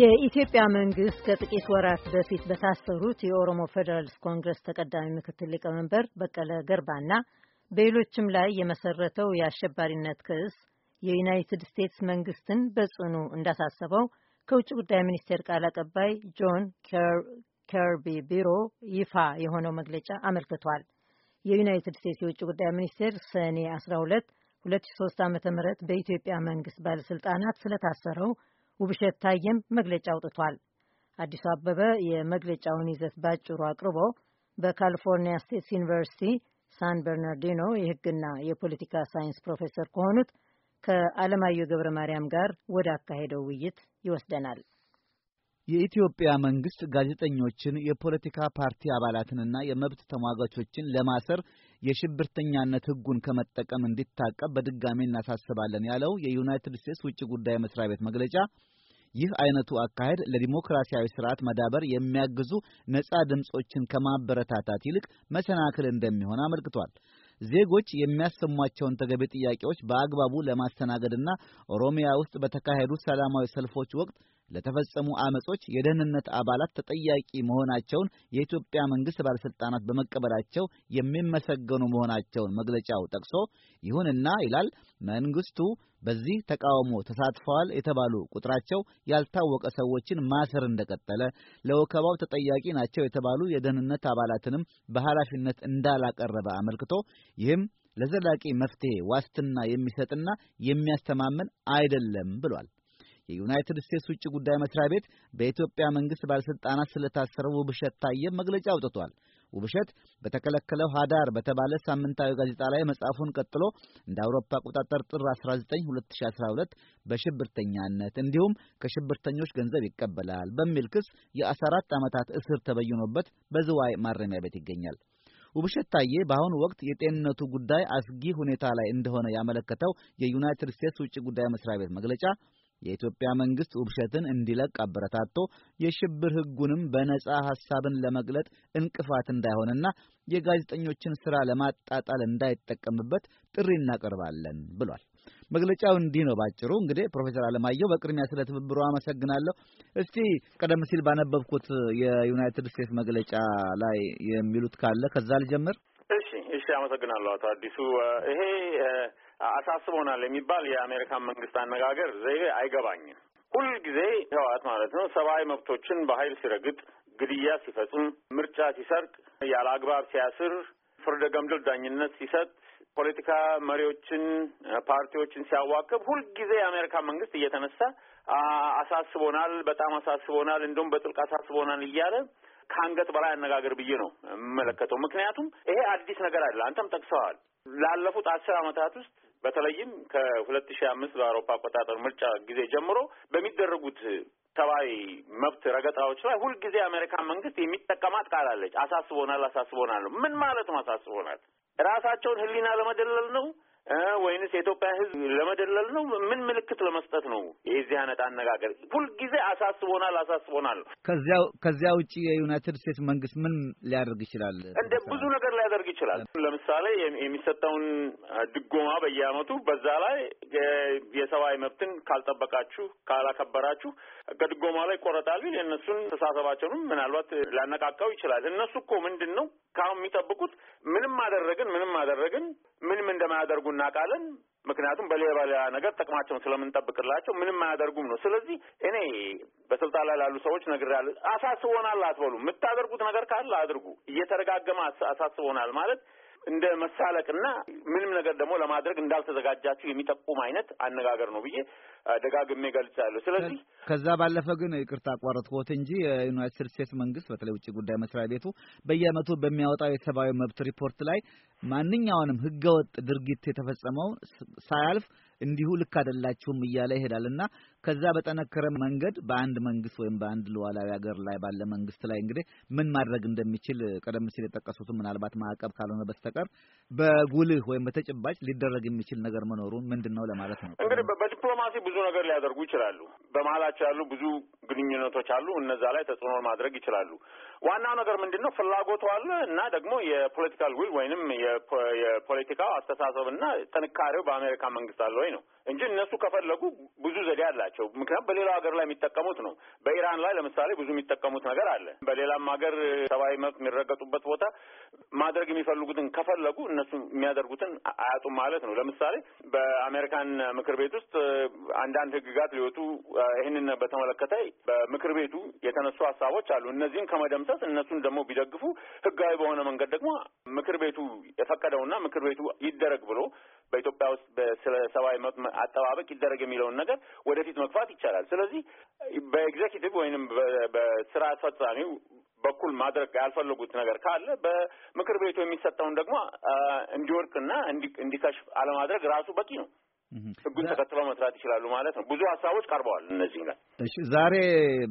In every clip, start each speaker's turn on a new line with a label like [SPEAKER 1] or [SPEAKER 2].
[SPEAKER 1] የኢትዮጵያ መንግስት ከጥቂት ወራት በፊት በታሰሩት የኦሮሞ ፌዴራልስ ኮንግረስ ተቀዳሚ ምክትል ሊቀመንበር በቀለ ገርባና በሌሎችም ላይ የመሰረተው የአሸባሪነት ክስ የዩናይትድ ስቴትስ መንግስትን በጽኑ እንዳሳሰበው ከውጭ ጉዳይ ሚኒስቴር ቃል አቀባይ ጆን ከርቢ ቢሮ ይፋ የሆነው መግለጫ አመልክቷል። የዩናይትድ ስቴትስ የውጭ ጉዳይ ሚኒስቴር ሰኔ 12 2003 ዓ.ም በኢትዮጵያ መንግስት ባለስልጣናት ስለታሰረው ውብሸት ታየም መግለጫ አውጥቷል። አዲሱ አበበ የመግለጫውን ይዘት ባጭሩ አቅርቦ በካሊፎርኒያ ስቴትስ ዩኒቨርሲቲ ሳን በርናርዲኖ የሕግና የፖለቲካ ሳይንስ ፕሮፌሰር ከሆኑት ከአለማየሁ ገብረ ማርያም ጋር ወደ አካሄደው ውይይት ይወስደናል። የኢትዮጵያ መንግስት ጋዜጠኞችን፣ የፖለቲካ ፓርቲ አባላትንና የመብት ተሟጋቾችን ለማሰር የሽብርተኛነት ህጉን ከመጠቀም እንዲታቀብ በድጋሚ እናሳስባለን ያለው የዩናይትድ ስቴትስ ውጭ ጉዳይ መስሪያ ቤት መግለጫ ይህ አይነቱ አካሄድ ለዲሞክራሲያዊ ስርዓት መዳበር የሚያግዙ ነጻ ድምፆችን ከማበረታታት ይልቅ መሰናክል እንደሚሆን አመልክቷል። ዜጎች የሚያሰሟቸውን ተገቢ ጥያቄዎች በአግባቡ ለማስተናገድና ኦሮሚያ ውስጥ በተካሄዱ ሰላማዊ ሰልፎች ወቅት ለተፈጸሙ አመጾች የደህንነት አባላት ተጠያቂ መሆናቸውን የኢትዮጵያ መንግስት ባለስልጣናት በመቀበላቸው የሚመሰገኑ መሆናቸውን መግለጫው ጠቅሶ፣ ይሁንና ይላል መንግስቱ በዚህ ተቃውሞ ተሳትፈዋል የተባሉ ቁጥራቸው ያልታወቀ ሰዎችን ማሰር እንደቀጠለ፣ ለወከባው ተጠያቂ ናቸው የተባሉ የደህንነት አባላትንም በኃላፊነት እንዳላቀረበ አመልክቶ ይህም ለዘላቂ መፍትሄ ዋስትና የሚሰጥና የሚያስተማምን አይደለም ብሏል። የዩናይትድ ስቴትስ ውጭ ጉዳይ መስሪያ ቤት በኢትዮጵያ መንግሥት ባለሥልጣናት ስለታሰረው ውብሸት ታየም መግለጫ አውጥቷል። ውብሸት በተከለከለው ሀዳር በተባለ ሳምንታዊ ጋዜጣ ላይ መጽሐፉን ቀጥሎ እንደ አውሮፓ አቆጣጠር ጥር 19 2012 በሽብርተኛነት እንዲሁም ከሽብርተኞች ገንዘብ ይቀበላል በሚል ክስ የ14 ዓመታት እስር ተበይኖበት በዝዋይ ማረሚያ ቤት ይገኛል። ውብሸት ታዬ በአሁኑ ወቅት የጤንነቱ ጉዳይ አስጊ ሁኔታ ላይ እንደሆነ ያመለከተው የዩናይትድ ስቴትስ ውጭ ጉዳይ መስሪያ ቤት መግለጫ የኢትዮጵያ መንግስት ውብሸትን እንዲለቅ አበረታቶ የሽብር ህጉንም በነጻ ሐሳብን ለመግለጥ እንቅፋት እንዳይሆንና የጋዜጠኞችን ሥራ ለማጣጣል እንዳይጠቀምበት ጥሪ እናቀርባለን ብሏል። መግለጫው እንዲህ ነው ባጭሩ። እንግዲህ ፕሮፌሰር አለማየሁ በቅድሚያ ስለ ትብብሩ አመሰግናለሁ። እስቲ ቀደም ሲል ባነበብኩት የዩናይትድ ስቴትስ መግለጫ ላይ የሚሉት ካለ ከዛ ልጀምር።
[SPEAKER 2] እሺ፣ እሺ፣ አመሰግናለሁ አቶ አዲሱ። ይሄ አሳስቦናል የሚባል የአሜሪካን መንግስት አነጋገር ዘይቤ አይገባኝም። ሁልጊዜ ህወሓት ማለት ነው ሰብአዊ መብቶችን በኃይል ሲረግጥ፣ ግድያ ሲፈጽም፣ ምርጫ ሲሰርቅ፣ ያለ አግባብ ሲያስር፣ ፍርደ ገምድል ዳኝነት ሲሰጥ ፖለቲካ መሪዎችን፣ ፓርቲዎችን ሲያዋክብ ሁልጊዜ የአሜሪካ መንግስት እየተነሳ አሳስቦናል፣ በጣም አሳስቦናል፣ እንዲሁም በጥልቅ አሳስቦናል እያለ ከአንገት በላይ አነጋገር ብዬ ነው የምመለከተው። ምክንያቱም ይሄ አዲስ ነገር አይደለ። አንተም ጠቅሰዋል። ላለፉት አስር ዓመታት ውስጥ በተለይም ከሁለት ሺህ አምስት በአውሮፓ አቆጣጠር ምርጫ ጊዜ ጀምሮ በሚደረጉት ሰብአዊ መብት ረገጣዎች ላይ ሁልጊዜ የአሜሪካ መንግስት የሚጠቀማት ቃል አለች። አሳስቦናል፣ አሳስቦናል ነው። ምን ማለት ነው? አሳስቦናል ራሳቸውን ህሊና ለመደለል ነው ወይንስ የኢትዮጵያ ህዝብ ለመደለል ነው? ምን ምልክት ለመስጠት ነው? የዚህ አይነት አነጋገር ሁልጊዜ አሳስቦናል አሳስቦናል።
[SPEAKER 1] ከዚያው ከዚያ ውጭ የዩናይትድ ስቴትስ መንግስት ምን ሊያደርግ ይችላል?
[SPEAKER 2] እንደ ብዙ ነገር ሊያደርግ ይችላል። ለምሳሌ የሚሰጠውን ድጎማ በየአመቱ በዛ ላይ የሰብአዊ መብትን ካልጠበቃችሁ፣ ካላከበራችሁ ከድጎማ ላይ ይቆረጣል ቢል የእነሱን ተሳሰባቸውንም ምናልባት ሊያነቃቃው ይችላል። እነሱ እኮ ምንድን ነው ካሁን የሚጠብቁት? ምንም አደረግን ምንም አደረግን ምንም እንደማያደርጉ እናውቃለን። ምክንያቱም በሌላ በሌላ ነገር ጥቅማቸውን ስለምንጠብቅላቸው ምንም አያደርጉም ነው። ስለዚህ እኔ በስልጣን ላይ ላሉ ሰዎች ነግሬያለሁ። አሳስቦናል አትበሉ። የምታደርጉት ነገር ካለ አድርጉ። እየተረጋገመ አሳስቦናል ማለት እንደ መሳለቅና ምንም ነገር ደግሞ ለማድረግ እንዳልተዘጋጃችሁ የሚጠቁም አይነት አነጋገር ነው ብዬ ደጋግሜ ገልጻለሁ። ስለዚህ
[SPEAKER 1] ከዛ ባለፈ ግን ይቅርታ አቋረጥኩት እንጂ የዩናይትድ ስቴትስ መንግስት በተለይ ውጭ ጉዳይ መስሪያ ቤቱ በየአመቱ በሚያወጣው የሰብአዊ መብት ሪፖርት ላይ ማንኛውንም ህገወጥ ድርጊት የተፈጸመው ሳያልፍ እንዲሁ ልክ አይደላችሁም እያለ ይሄዳልና ከዛ በጠነከረ መንገድ በአንድ መንግስት ወይም በአንድ ሉዓላዊ ሀገር ላይ ባለ መንግስት ላይ እንግዲህ ምን ማድረግ እንደሚችል ቀደም ሲል የጠቀሱትን ምናልባት ማዕቀብ ካልሆነ በስተቀር በጉልህ ወይም በተጨባጭ ሊደረግ የሚችል ነገር መኖሩን ምንድን ነው ለማለት ነው።
[SPEAKER 2] እንግዲህ በዲፕሎማሲ ብዙ ነገር ሊያደርጉ ይችላሉ። በመሀላቸው ያሉ ብዙ ግንኙነቶች አሉ። እነዛ ላይ ተጽዕኖ ማድረግ ይችላሉ። ዋናው ነገር ምንድን ነው? ፍላጎቱ አለ እና ደግሞ የፖለቲካል ዊል ወይንም የፖለቲካው አስተሳሰብ እና ጥንካሬው በአሜሪካ መንግስት አለ ወይ ነው እንጂ እነሱ ከፈለጉ ብዙ ዘዴ አላቸው። አላቸው። ምክንያቱም በሌላው ሀገር ላይ የሚጠቀሙት ነው። በኢራን ላይ ለምሳሌ ብዙ የሚጠቀሙት ነገር አለ። በሌላም ሀገር ሰብአዊ መብት የሚረገጡበት ቦታ ማድረግ የሚፈልጉትን ከፈለጉ እነሱ የሚያደርጉትን አያጡም ማለት ነው። ለምሳሌ በአሜሪካን ምክር ቤት ውስጥ አንዳንድ ህግጋት ሊወጡ ይህንን በተመለከተ በምክር ቤቱ የተነሱ ሀሳቦች አሉ። እነዚህም ከመደምሰስ እነሱን ደግሞ ቢደግፉ ህጋዊ በሆነ መንገድ ደግሞ ምክር ቤቱ የፈቀደውና ምክር ቤቱ ይደረግ ብሎ በኢትዮጵያ ውስጥ ስለ ሰብአዊ መብት አጠባበቅ ይደረግ የሚለውን ነገር ወደፊት መግፋት ይቻላል። ስለዚህ በኤግዜኪቲቭ ወይንም በስራ አስፈጻሚው በኩል ማድረግ ያልፈለጉት ነገር ካለ በምክር ቤቱ የሚሰጠውን ደግሞ እንዲወድቅና እንዲከሽፍ አለማድረግ ራሱ በቂ ነው። ህጉን ተከትለው መስራት ይችላሉ ማለት ነው። ብዙ ሀሳቦች ቀርበዋል እነዚህ ላይ።
[SPEAKER 1] እሺ ዛሬ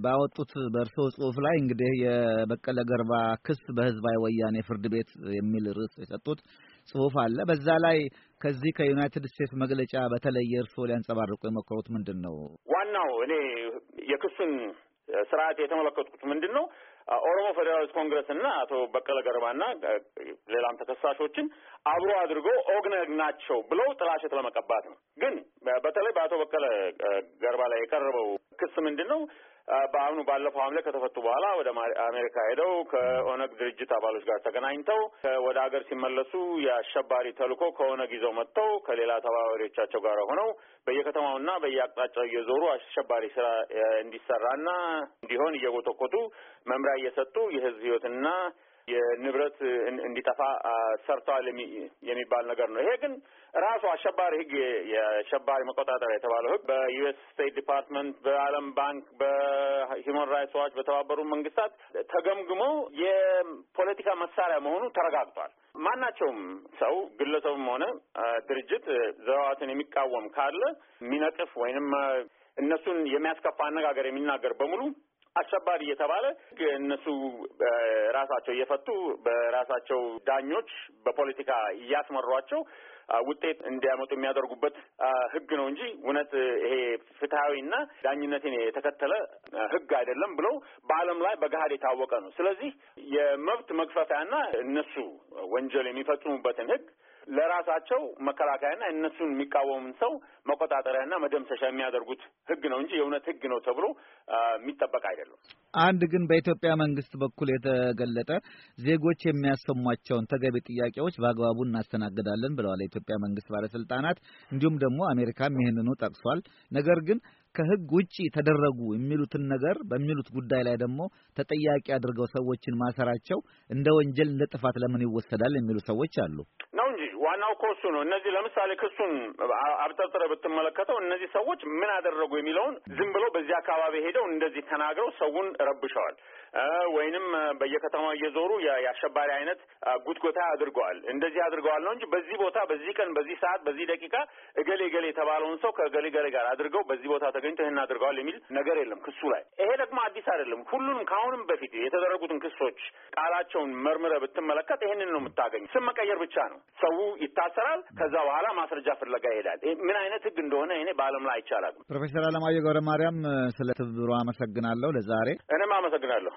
[SPEAKER 1] ባወጡት በእርሶ ጽሁፍ ላይ እንግዲህ የበቀለ ገርባ ክስ በህዝባዊ ወያኔ ፍርድ ቤት የሚል ርዕስ የሰጡት ጽሁፍ አለ። በዛ ላይ ከዚህ ከዩናይትድ ስቴትስ መግለጫ በተለየ እርስዎ ሊያንጸባርቁ የሞከሩት ምንድን ነው?
[SPEAKER 2] ዋናው እኔ የክሱን ስርዓት የተመለከትኩት ምንድን ነው ኦሮሞ ፌዴራሊስት ኮንግረስ እና አቶ በቀለ ገርባ እና ሌላም ተከሳሾችን አብሮ አድርጎ ኦግነግ ናቸው ብለው ጥላሸት ለመቀባት ነው። ግን በተለይ በአቶ በቀለ ገርባ ላይ የቀረበው ክስ ምንድን ነው? በአሁኑ ባለፈው ሐምሌ ከተፈቱ በኋላ ወደ አሜሪካ ሄደው ከኦነግ ድርጅት አባሎች ጋር ተገናኝተው ወደ ሀገር ሲመለሱ የአሸባሪ ተልኮ ከኦነግ ይዘው መጥተው ከሌላ ተባባሪዎቻቸው ጋር ሆነው በየከተማውና በየአቅጣጫው እየዞሩ አሸባሪ ስራ እንዲሰራና እንዲሆን እየጎተኮቱ መምሪያ እየሰጡ የህዝብ ህይወትና የንብረት እንዲጠፋ ሰርተዋል የሚባል ነገር ነው። ይሄ ግን ራሱ አሸባሪ ህግ የአሸባሪ መቆጣጠሪያ የተባለው ህግ በዩኤስ ስቴት ዲፓርትመንት፣ በዓለም ባንክ፣ በሂውማን ራይትስ ዋች፣ በተባበሩ መንግስታት ተገምግሞ የፖለቲካ መሳሪያ መሆኑ ተረጋግጧል። ማናቸውም ሰው ግለሰብም ሆነ ድርጅት ዘዋትን የሚቃወም ካለ የሚነቅፍ ወይንም እነሱን የሚያስከፋ አነጋገር የሚናገር በሙሉ አሸባሪ እየተባለ እነሱ ራሳቸው እየፈቱ በራሳቸው ዳኞች በፖለቲካ እያስመሯቸው ውጤት እንዲያመጡ የሚያደርጉበት ህግ ነው እንጂ እውነት ይሄ ፍትሐዊና ዳኝነትን የተከተለ ህግ አይደለም ብለው በዓለም ላይ በገሀድ የታወቀ ነው። ስለዚህ የመብት መግፈፊያና እነሱ ወንጀል የሚፈጽሙበትን ህግ ለራሳቸው መከላከያና እነሱን የሚቃወሙን ሰው መቆጣጠሪያና መደምሰሻ የሚያደርጉት ህግ ነው እንጂ የእውነት ህግ ነው ተብሎ የሚጠበቅ አይደለም።
[SPEAKER 1] አንድ ግን በኢትዮጵያ መንግስት በኩል የተገለጠ ዜጎች የሚያሰሟቸውን ተገቢ ጥያቄዎች በአግባቡ እናስተናግዳለን ብለዋል የኢትዮጵያ መንግስት ባለስልጣናት። እንዲሁም ደግሞ አሜሪካም ይህንኑ ጠቅሷል። ነገር ግን ከህግ ውጪ ተደረጉ የሚሉትን ነገር በሚሉት ጉዳይ ላይ ደግሞ ተጠያቂ አድርገው ሰዎችን ማሰራቸው እንደ ወንጀል እንደ ጥፋት ለምን ይወሰዳል የሚሉ ሰዎች አሉ።
[SPEAKER 2] ነው እንጂ እኮ እሱ ነው። እነዚህ ለምሳሌ ክሱን አብጠርጥረ ብትመለከተው እነዚህ ሰዎች ምን አደረጉ የሚለውን ዝም ብለው በዚህ አካባቢ ሄደው እንደዚህ ተናግረው ሰውን ረብሸዋል፣ ወይንም በየከተማው እየዞሩ የአሸባሪ አይነት ጉትጎታ አድርገዋል፣ እንደዚህ አድርገዋል ነው እንጂ በዚህ ቦታ በዚህ ቀን በዚህ ሰዓት በዚህ ደቂቃ እገሌ እገሌ የተባለውን ሰው ከእገሌ እገሌ ጋር አድርገው በዚህ ቦታ ተገኝቶ ይህን አድርገዋል የሚል ነገር የለም ክሱ ላይ። ይሄ ደግሞ አዲስ አይደለም። ሁሉንም ከአሁንም በፊት የተደረጉትን ክሶች ቃላቸውን መርምረ ብትመለከት ይህንን ነው የምታገኝ። ስም መቀየር ብቻ ነው ሰው ይታ ይታሰራል። ከዛ በኋላ ማስረጃ ፍለጋ ይሄዳል። ምን አይነት ህግ እንደሆነ እኔ በዓለም ላይ አይቻላል።
[SPEAKER 1] ፕሮፌሰር አለማየሁ ገብረ ማርያም ስለ ትብብሩ አመሰግናለሁ። ለዛሬ
[SPEAKER 2] እኔም አመሰግናለሁ።